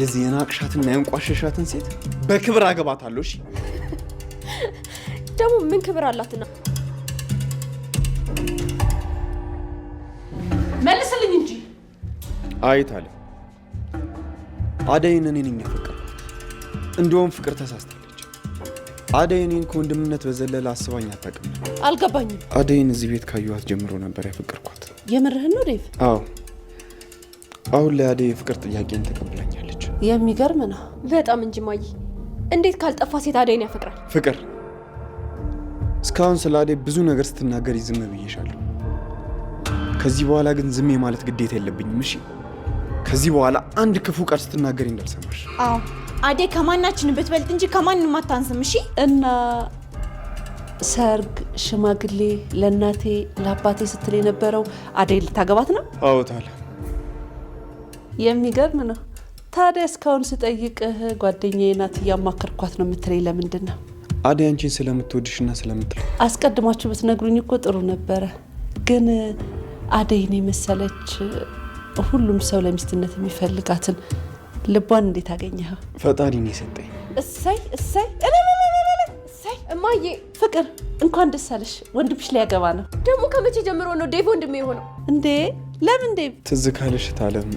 እንደዚህ የናቅሻትና ያንቋሸሻትን ሴት በክብር አገባታለሁ። እሺ ደግሞ ምን ክብር አላትና? መልስልኝ እንጂ። አይታለ አደይን እኔ ነኝ እንደውም ፍቅር ተሳስታለች። አደይ እኔን ከወንድምነት በዘለለ አስባኝ አታውቅም። አልገባኝም። አደይን እዚህ ቤት ካየኋት ጀምሮ ነበር ያፈቀርኳት። የምርህን ነው ዴቭ? አዎ አሁን ላይ አደይ የፍቅር ጥያቄን ተቀብላኛል። የሚገርም ነው በጣም እንጂ ማይ እንዴት ካልጠፋ ሴት አደይን ያፈቅራል? ፍቅር እስካሁን ስለ አደይ ብዙ ነገር ስትናገር ዝም ብዬሻለሁ። ከዚህ በኋላ ግን ዝም የማለት ግዴታ የለብኝም። እሺ፣ ከዚህ በኋላ አንድ ክፉ ቃል ስትናገሪ እንዳልሰማሽ። አዎ አደይ ከማናችን ብትበልጥ እንጂ ከማንም አታንስም። እሺ። እና ሰርግ፣ ሽማግሌ ለእናቴ ለአባቴ ስትል የነበረው አደይ ልታገባት ነው? አዎ የሚገርም ነው ታዲያ እስካሁን ስጠይቅህ ጓደኛዬ ናት እያማከርኳት ነው የምትለኝ ለምንድን ነው? አደይ አንቺን ስለምትወድሽና ስለምትለ አስቀድማችሁ ብትነግሩኝ እኮ ጥሩ ነበረ። ግን አደይን የመሰለች ሁሉም ሰው ለሚስትነት የሚፈልጋትን ልቧን እንዴት አገኘኸው? ፈጣሪ ነው የሰጠኝ። እሰይ እሰይ እሰይ። እማዬ ፍቅር እንኳን ደስ አለሽ፣ ወንድምሽ ሊያገባ ነው። ደግሞ ከመቼ ጀምሮ ነው ዴቭ ወንድሜ የሆነው? እንዴ ለምን ዴቭ? ትዝ ካለሽ ታለም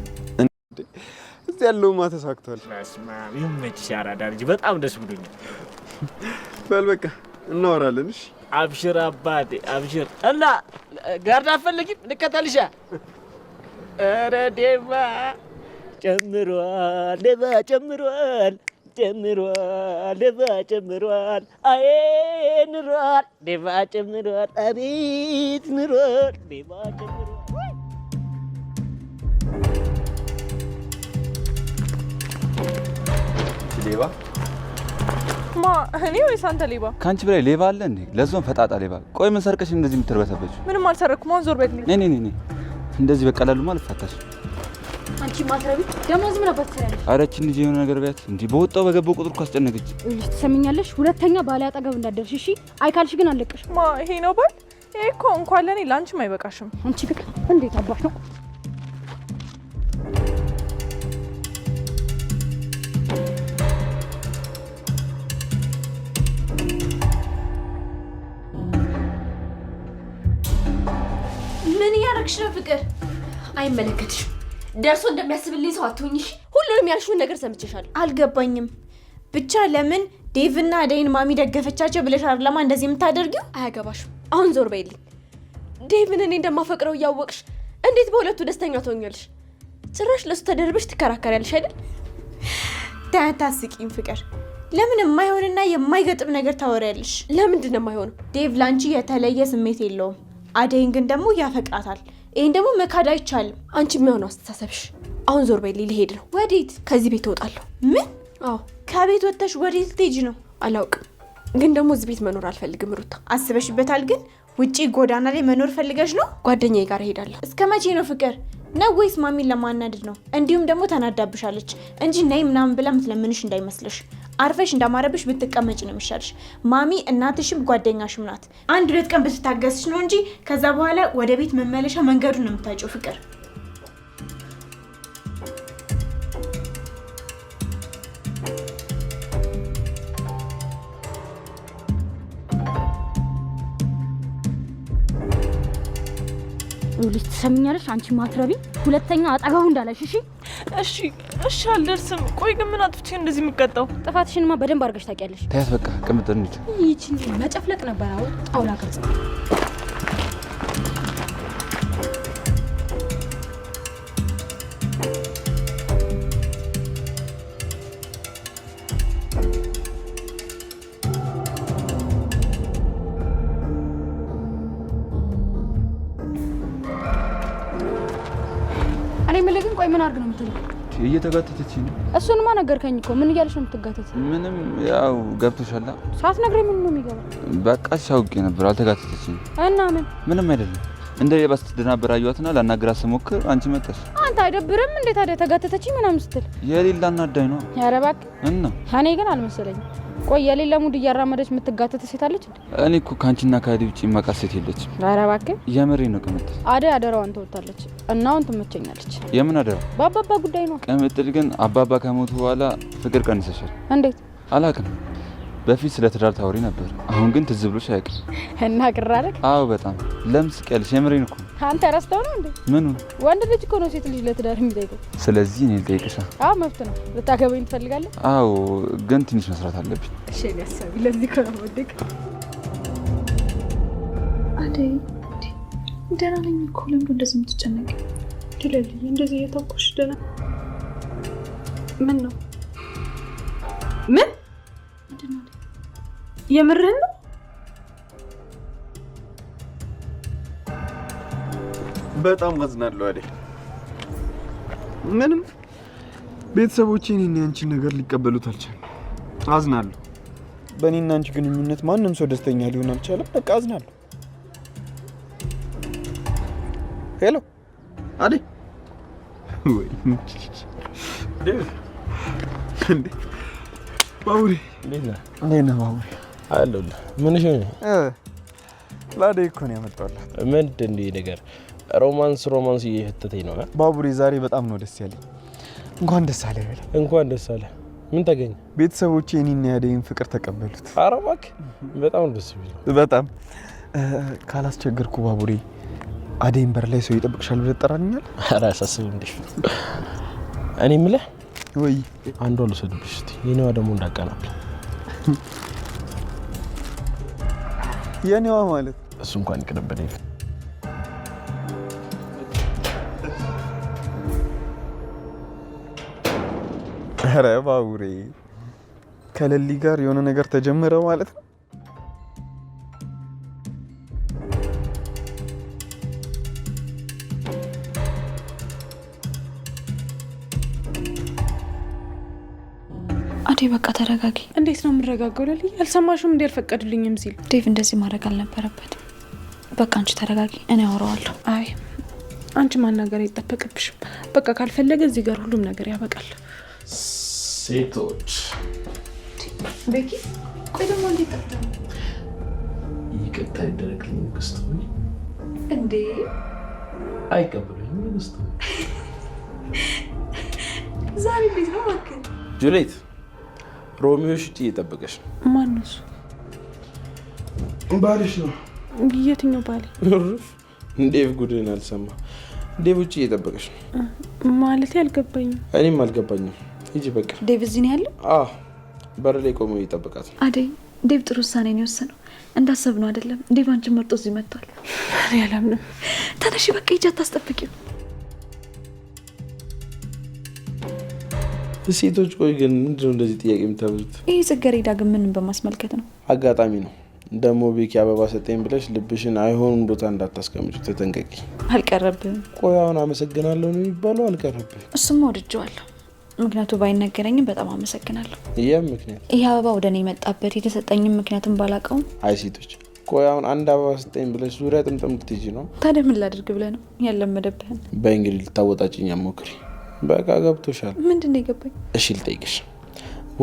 ውስጥ ያለውማ ተሳክቷል። ይመችሽ አራዳ ልጅ፣ በጣም ደስ ብሎኛል። በል በቃ እናወራለን። እሺ አብሽር አባቴ አብሽር። እና ጋርዳ አትፈልጊም? ልከተልሻ። ኧረ ዴማ ጨምሯል፣ ዴባ ጨምሯል ጨምሯል ደባ ጨምሯል፣ አይ ንሯል ደባ ጨምሯል፣ አቤት ንሯል ደባ ጨምሯል። ሌባ ማ እኔ ወይስ አንተ ሌባ? ከአንቺ በላይ ሌባ አለ እንዴ? ለዞን ፈጣጣ ሌባ። ቆይ ምን ሰርቀሽ እንደዚህ የምትርበተበች? ምንም አልሰረኩም። አሁን ዞር በይ። እኔ እኔ እኔ እንደዚህ በቀላሉ ማለት ፈታሽ። አንቺ ማትረቢ ደግሞ ዝም ነበር ትያለሽ። አረችን ልጅ የሆነ ነገር ቢያት እንዲህ በወጣው በገባው ቁጥር እኮ አስጨነቀች። ይኸውልሽ ትሰሚኛለሽ፣ ሁለተኛ ባለ አጠገብ እንዳደርሽ እሺ። አይካልሽ ግን አለቀሽ። ማ ይሄ ነው ባል? ይሄ እኮ እንኳን ለኔ ላንቺም አይበቃሽም። አንቺ ግን እንዴት አባሽ ነው እባክሽ ነው ፍቅር፣ አይመለከትሽም። ደርሶ እንደሚያስብልኝ ሰው አትሆኝሽ። ሁሉንም ያልሽውን ነገር ሰምቼሻለሁ። አልገባኝም። ብቻ ለምን ዴቭና አደይን ማሚ ደገፈቻቸው ብለሽ አርለማ እንደዚህ የምታደርጊው አያገባሽም። አሁን ዞር በይልኝ። ዴቭን እኔ እንደማፈቅረው እያወቅሽ እንዴት በሁለቱ ደስተኛ ትሆኛለሽ? ጭራሽ ለሱ ተደርበሽ ትከራከሪያለሽ አይደል? ታያታስቂም ፍቅር ለምን የማይሆንና የማይገጥም ነገር ታወሪያለሽ? ለምንድን ነው የማይሆነው? ዴቭ ላንቺ የተለየ ስሜት የለውም። አደይን ግን ደግሞ ያፈቅራታል። ይህን ደግሞ መካድ አይቻልም። አንቺ የሚሆነው አስተሳሰብሽ። አሁን ዞር በይልኝ፣ ልሄድ ነው። ወዴት? ከዚህ ቤት እወጣለሁ። ምን? አዎ፣ ከቤት ወጥተሽ ወዴት ልትሄጂ ነው? አላውቅም፣ ግን ደግሞ እዚህ ቤት መኖር አልፈልግም። ሩታ፣ አስበሽበታል? ግን ውጪ ጎዳና ላይ መኖር ፈልገሽ ነው? ጓደኛዬ ጋር እሄዳለሁ። እስከ መቼ ነው ፍቅር ነው ወይስ ማሚን ለማናደድ ነው? እንዲሁም ደግሞ ተናዳብሻለች እንጂ ነይ ምናምን ብላ ምትለምንሽ እንዳይመስልሽ። አርፈሽ እንዳማረብሽ ብትቀመጭ ነው የሚሻልሽ። ማሚ እናትሽም ጓደኛሽም ናት። አንድ ሁለት ቀን ብትታገስሽ ነው እንጂ ከዛ በኋላ ወደ ቤት መመለሻ መንገዱን ነው የምታጨው ፍቅር ትሰምኛለሽ? አንቺ ማትረቢ፣ ሁለተኛ አጠገቡ እንዳለሽ። እሺ እሺ እሺ፣ አልደርስም። ቆይ ግን ምን አጥፍቼ እንደዚህ የምቀጣው? ጥፋትሽንማ በደንብ አድርገሽ ታውቂያለሽ። ታያት በቃ ቅምጥ እንሂድ። ይቺ መጨፍለቅ ነበር። አሁን ጣውላ ቅርጽ እየተጋተተች ነው። እሱንማ ነገርከኝ እኮ ምን እያለች ነው የምትጋተት? ምንም ያው ገብቶሻል። ሳትነግረኝ ምን ነው የሚገባው? በቃ አውቄ ነበር። አልተጋተተች እና ምን ምንም አይደለም። እንደ ሌባ ስትደናበር አየኋትና ላናግራት ስሞክር አንቺ መጣሽ። አንተ አይደብርም እንዴ ታዲያ ተጋተተች ምናምን ስትል የሌላ አናዳኝ ነው። ኧረ እባክህ እና እኔ ግን አልመሰለኝም ቆይ የሌለ ሙድ እያራመደች የምትጋተት ሴት አለች። እኔ እኮ ከአንቺና ከአደይ ውጭ መቃ ሴት የለች። ኧረ እባክህ የምሬ ነው ቅምጥል። አደይ አደራዋን ትወጣለች እና አሁን ትመቸኛለች። የምን አደራ? በአባባ ጉዳይ ነው ቅምጥል። ግን አባባ ከሞቱ በኋላ ፍቅር ቀንሰሻል። እንዴት አላውቅም በፊት ስለ ትዳር ታወሪ ነበር፣ አሁን ግን ትዝ ብሎሽ አያውቅም። እና ቅር አለክ? አዎ በጣም። ለምን ስቀልሽ? የምሬን እኮ። አንተ ረስተው ነው እንዴ? ምኑ? ወንድ ልጅ እኮ ነው ሴት ልጅ ለትዳር የሚጠይቀው። ስለዚህ እኔ ልጠይቅሻ? አዎ መብት ነው። ልታገበኝ ትፈልጋለህ? አዎ ግን ትንሽ መስራት አለብኝ። እሺ ያሳቢ። ለዚህ እኮ ነው ወደቅ። አደይ ደህና ነኝ እኮ። ለምንድን እንደዚህ የምትጨነቂ? ድለልኝ እንደዚህ እየተኮሽ ደህና ምን ነው ምን ምንድን ነው? የምርህን ነው? በጣም አዝናለሁ አዴ። ምንም ቤተሰቦቼ እኔና ያንቺን ነገር ሊቀበሉት አልቻለም። አዝናለሁ። በእኔና አንቺ ግንኙነት ማንም ሰው ደስተኛ ሊሆን አልቻለም። በቃ አዝናለሁ። ሄሎ አዴ ወይ እንዴ! ባቡሬ እንዴት ነህ? እንዴት ነህ ባቡሬ? አለሁልህ። ምንሽ ሆነ? ላዴ እኮ ነው ያመጣሁላት። ምንድን ነው ነገር? ሮማንስ ሮማንስ እየሸተተኝ ነው። ባቡሬ ዛሬ በጣም ነው ደስ ያለኝ። እንኳን ደስ አለህ በለኝ። እንኳን ደስ አለህ። ምን ተገኘ? ቤተሰቦቼ እኔና ያደይን ፍቅር ተቀበሉት። ኧረ እባክህ በጣም ደስ ይላል። በጣም ካላስቸገርኩ ባቡሬ አደይን በር ላይ ሰው ይጠብቅሻል ብለህ ትጠራኛለህ? ኧረ አያሳስብም። እንዴ እኔ የምልህ ወይ አንዷ ልውሰድብሽ እስቲ፣ የኔዋ ደግሞ እንዳቀናል። የኔዋ ማለት እሱ እንኳን ይቅርብን። ኧረ ባቡሬ ከሌሊ ጋር የሆነ ነገር ተጀመረ ማለት ነው። አዴ በቃ ተረጋጊ። እንዴት ነው የምረጋገው? ላልይ አልሰማሽም? እንዲ አልፈቀዱልኝም ሲል ዴቭ እንደዚህ ማድረግ አልነበረበትም። በቃ አንቺ ተረጋጊ፣ እኔ አውረዋለሁ። አይ አንቺ ማናገር አይጠበቅብሽም። በቃ ካልፈለገ እዚህ ጋር ሁሉም ነገር ያበቃል። ሴቶች ቤኪ ቆይ ደግሞ እንዴት ይቅርታ ይደረግልኝ ንግስት ሆይ እንዴ አይቀበሉኝ ንግስት ሆይ ዛሬ ቤት ነው ማክል ጁሌት ሮሚዮሽ ውጭ እየጠበቀች ነው። ማነው እሱ? ባልሽ ነው። የትኛው ባል? ዴቭ ጉድህን አልሰማ። ዴቭ ውጭ እየጠበቀች ነው ማለት? አልገባኝም። እኔም አልገባኝም። ሂጂ በቃ። ዴቭ እዚህ ነው ያለው? በር ላይ ቆሞ እየጠበቃት ነው። አደይ፣ ዴቭ ጥሩ ውሳኔ ነው የወሰነው። እንዳሰብነው አይደለም። ዴቭ አንቺን መርጦ እዚህ መጥቷል። እኔ አላምንም። ተነሽ በቃ፣ ሂጂ አታስጠብቂው ሴቶች ቆይ ግን ምንድነው እንደዚህ ጥያቄ የምታብዙት? ይህ ጽጌረዳ ግን ምንም በማስመልከት ነው? አጋጣሚ ነው። ደግሞ ቤኪ አበባ ሰጠኝ ብለሽ ልብሽን አይሆኑን ቦታ እንዳታስቀምጭ ተጠንቀቂ። አልቀረብም። ቆይ አሁን አመሰግናለሁ ነው የሚባለው? አልቀረብም። እሱም ወድጀዋለሁ። ምክንያቱ ባይነገረኝም በጣም አመሰግናለሁ። ይህም ምክንያት ይህ አበባ ወደ እኔ መጣበት የተሰጠኝም ምክንያትም ባላቀውም አይ ሴቶች ቆይ አሁን አንድ አበባ ስጠኝ ብለሽ ዙሪያ ጥምጥም ልትይጂ ነው? ታዲያ ምን ላድርግ ብለህ ነው ያለመደብህን? በእንግዲህ ልታወጣጭኛ ሞክሬ በቃ ገብቶሻል። ምንድን ነው የገባኝ? እሺ ልጠይቅሽ፣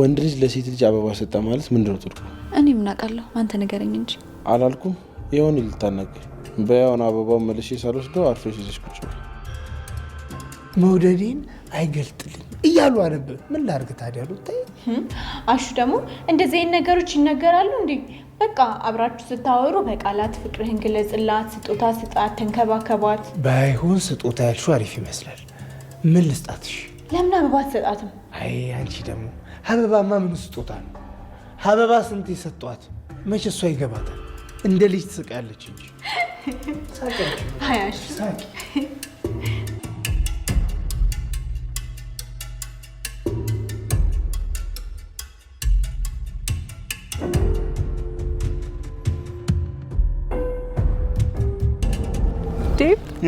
ወንድ ልጅ ለሴት ልጅ አበባ ሰጠ ማለት ምንድን ነው ትርጉሙ? እኔ ምን አውቃለሁ? አንተ ንገረኝ እንጂ። አላልኩም? የሆን ልታናገር በያውን አበባው መልሼ ሳልወስዶ አርፈሽ ይዘሽ ቁጭ መውደዴን አይገልጥልኝ እያሉ አነብ ምን ላርግ ታዲያ? ታይ አሹ ደግሞ እንደዚህ አይነት ነገሮች ይነገራሉ እንዴ? በቃ አብራችሁ ስታወሩ በቃላት ፍቅርህን ግለጽላት፣ ስጦታ ስጣት፣ ተንከባከባት። ባይሆን ስጦታ ያልሹ አሪፍ ይመስላል ምን ልስጣትሽ? ለምን አበባ አትሰጣትም? አይ አንቺ ደግሞ አበባማ ምን ስጦታ ነው? አበባ ስንት የሰጧት መቼ እሷ ይገባታል። እንደ ልጅ ትስቃለች እንጂ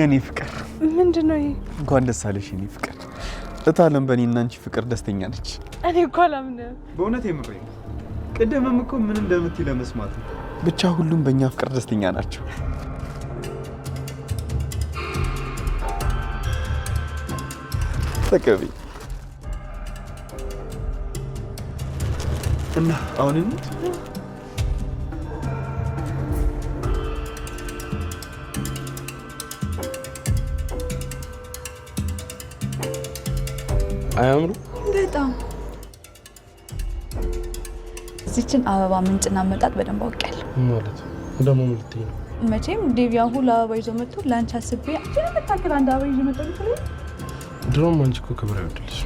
የኔ ፍቅር ምንድን ነው ይሄ? እንኳን ደስ አለሽ የኔ ፍቅር። እታለም በእኔ እና አንቺ ፍቅር ደስተኛ ነች። እኔ እኮ አላምንም። በእውነት የምሬ ቅድምም እኮ ምን እንደምትይ ለመስማት ነው። ብቻ ሁሉም በእኛ ፍቅር ደስተኛ ናቸው። ተቀቢ እና አሁን አያምሩ በጣም እዚችን አበባ ምንጭና መጣጥ በደንብ አውቄያለሁ። ማለት ደግሞ ምልት ነው መቼም ዴቪያ ሁሉ አበባ ይዞ መጥቶ ለአንቺ አስቤ የምታክል አንድ አበባ ይዞ መጠ ድሮም አንቺ እኮ ክብር አይወድልሽ።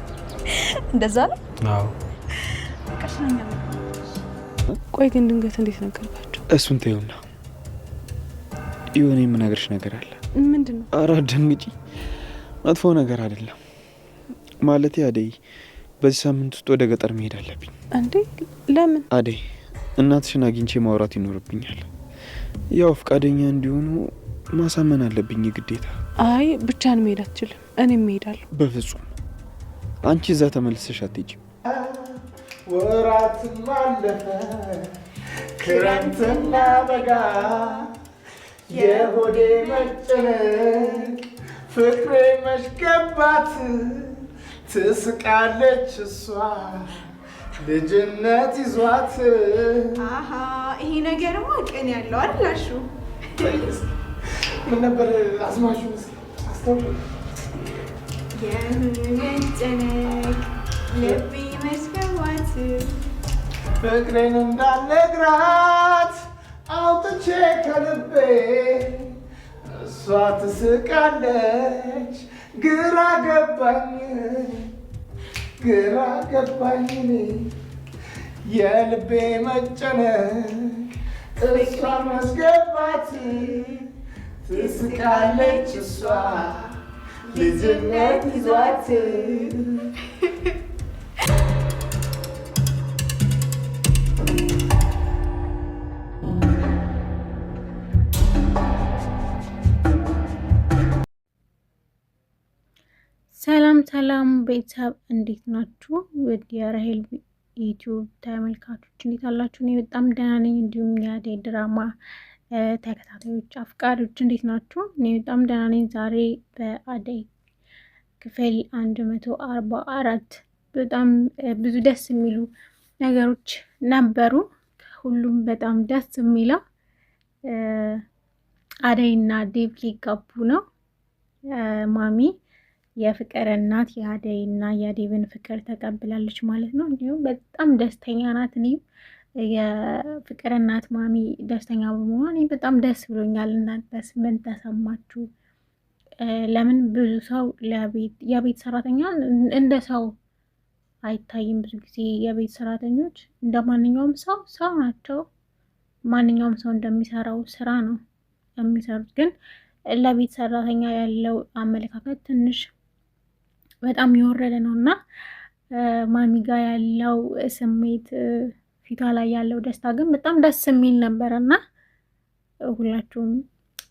እንደዛ ነው። ቆይ ግን ድንገት እንዴት ነገርባቸው? እሱን ተይውና የሆነ የምነግርሽ ነገር አለ። ምንድን ነው? ኧረ አትደንግጪ፣ መጥፎ ነገር አይደለም። ማለቴ አደይ፣ በዚህ ሳምንት ውስጥ ወደ ገጠር መሄድ አለብኝ። እንዴ? ለምን? አደይ፣ እናትሽን አግኝቼ ማውራት ይኖርብኛል። ያው ፈቃደኛ እንዲሆኑ ማሳመን አለብኝ ግዴታ። አይ፣ ብቻን መሄድ አትችልም። እኔም እሄዳለሁ። በፍጹም አንቺ እዛ ተመልሰሽ አትሄጂም። ወራትም አለፈ ክረምትና በጋ የሆዴ መጨነቅ ፍቅሬ መሽገባት ትስቃለች እሷ ልጅነት ይዟት። ይሄ ነገርማ ቅን ያለው አላሹ ምን ነበር አዝማሹ ፍቅሬን እንዳልነግራት አውጥቼ ከልቤ እሷ ትስቃለች ግራ ገባኝ ግራ ገባኝ የልቤ መጨነቅ እሷን መስገባት ትስቃለች እሷ ልጅነት ይዟት ሰላም ቤተሰብ እንዴት ናችሁ? ውድ የራሄል ዩቲዩብ ተመልካቾች እንዴት አላችሁ? እኔ በጣም ደህና ነኝ። እንዲሁም የአደይ ድራማ ተከታታዮች አፍቃሪዎች እንዴት ናችሁ? እኔ በጣም ደህና ነኝ። ዛሬ በአደይ ክፍል አንድ መቶ አርባ አራት በጣም ብዙ ደስ የሚሉ ነገሮች ነበሩ። ከሁሉም በጣም ደስ የሚለው እና ዴቭ ሊጋቡ ነው ማሚ የፍቅር እናት የአደይና የአዴብን ፍቅር ተቀብላለች ማለት ነው። እንዲሁም በጣም ደስተኛ ናት። እኔም የፍቅር እናት ማሚ ደስተኛ በመሆን በጣም ደስ ብሎኛል። እናንተስ ምን ተሰማችሁ? ለምን ብዙ ሰው የቤት ሰራተኛ እንደ ሰው አይታይም። ብዙ ጊዜ የቤት ሰራተኞች እንደ ማንኛውም ሰው ሰው ናቸው። ማንኛውም ሰው እንደሚሰራው ስራ ነው የሚሰሩት። ግን ለቤት ሰራተኛ ያለው አመለካከት ትንሽ በጣም የወረደ ነው እና ማሚ ጋ ያለው ስሜት ፊቷ ላይ ያለው ደስታ ግን በጣም ደስ የሚል ነበር እና ሁላችሁም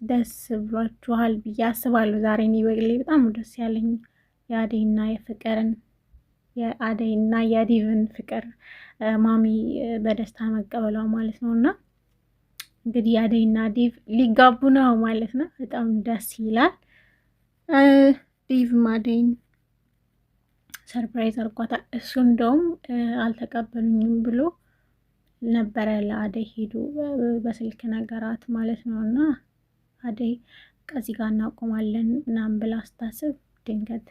ደስ ብሏችኋል ብዬ አስባለሁ። ዛሬ እኔ በግሌ በጣም ደስ ያለኝ የአደይና የፍቅርን የአደይና የዲቭን ፍቅር ማሚ በደስታ መቀበሏ ማለት ነው እና እንግዲህ አደይና ዲቭ ሊጋቡ ነው ማለት ነው። በጣም ደስ ይላል። ዲቭ አደይን ሰርፕራይዝ አድርጓታል። እሱ እንደውም አልተቀበሉኝም ብሎ ነበረ ለአደይ ሄዱ በስልክ ነገራት ማለት ነው። እና አደይ ከዚህ ጋር እናቆማለን ምናምን ብላ ስታስብ ድንገት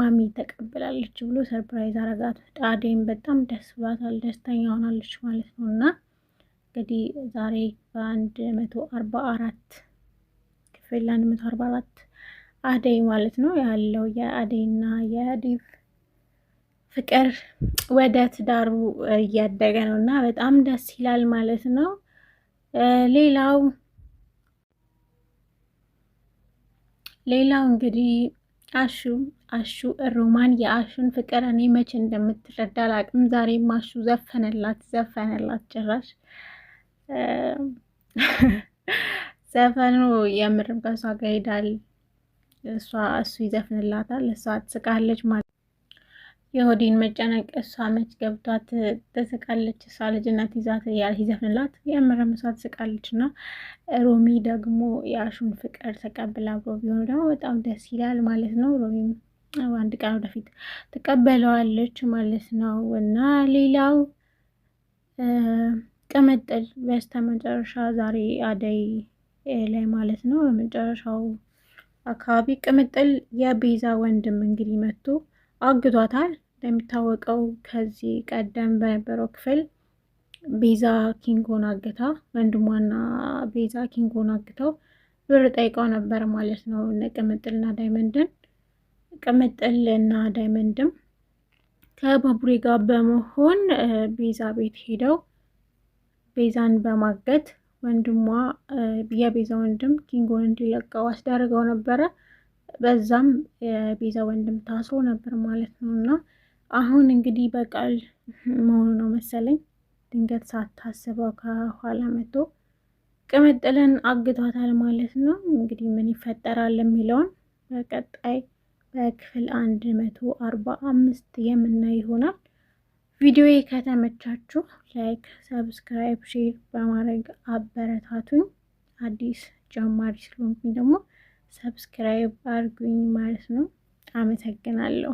ማሚ ተቀብላለች ብሎ ሰርፕራይዝ አረጋት። አደይም በጣም ደስ ብሏታል፣ ደስተኛ ሆናለች ማለት ነው። እና እንግዲህ ዛሬ በአንድ መቶ አርባ አራት ክፍል አንድ መቶ አርባ አራት አደይ ማለት ነው ያለው የአደይና የዲቭ ፍቅር ወደ ትዳሩ እያደገ ነው እና በጣም ደስ ይላል ማለት ነው። ሌላው ሌላው እንግዲህ አሹ አሹ ሮማን የአሹን ፍቅር እኔ መቼ እንደምትረዳ አላቅም። ዛሬም አሹ ዘፈነላት ዘፈነላት ጭራሽ ዘፈኑ የምር በሷ ጋር እሷ እሱ ይዘፍንላታል፣ እሷ ትስቃለች ማለት የሆዴን መጨነቅ እሷ መች ገብቷት ትስቃለች። እሷ ልጅነት ይዛት ያልሂዘፍንላት የምርም እሷ ትስቃለች። እና ሮሚ ደግሞ የአሹን ፍቅር ተቀብላ አብሮ ቢሆኑ ደግሞ በጣም ደስ ይላል ማለት ነው። ሮሚም አንድ ቀን ወደፊት ትቀበለዋለች ማለት ነው። እና ሌላው ቅምጥል በስተመጨረሻ ዛሬ አደይ ላይ ማለት ነው በመጨረሻው አካባቢ ቅምጥል የቤዛ ወንድም እንግዲህ መጥቶ አግቷታል። እንደሚታወቀው ከዚህ ቀደም በነበረው ክፍል ቤዛ ኪንጎን አግታ ወንድሟና ቤዛ ኪንጎን አግተው ብር ጠይቀው ነበር ማለት ነው እነ ቅምጥልና ዳይመንድን። ቅምጥልና ዳይመንድም ከባቡሬ ጋር በመሆን ቤዛ ቤት ሄደው ቤዛን በማገት ወንድሟ የቤዛ ወንድም ኪንጎን እንዲለቀው አስደርገው ነበረ። በዛም የቤዛ ወንድም ታስሮ ነበር ማለት ነው እና አሁን እንግዲህ በቃል መሆኑ ነው መሰለኝ። ድንገት ሳታስበው ከኋላ መቶ ቅምጥልን አግቷታል ማለት ነው። እንግዲህ ምን ይፈጠራል የሚለውን በቀጣይ በክፍል አንድ መቶ አርባ አምስት የምናይ ይሆናል። ቪዲዮ ከተመቻችሁ ላይክ፣ ሰብስክራይብ፣ ሼር በማድረግ አበረታቱኝ። አዲስ ጀማሪ ስለሆንኩኝ ደግሞ ሰብስክራይብ አድርጉኝ ማለት ነው። አመሰግናለሁ።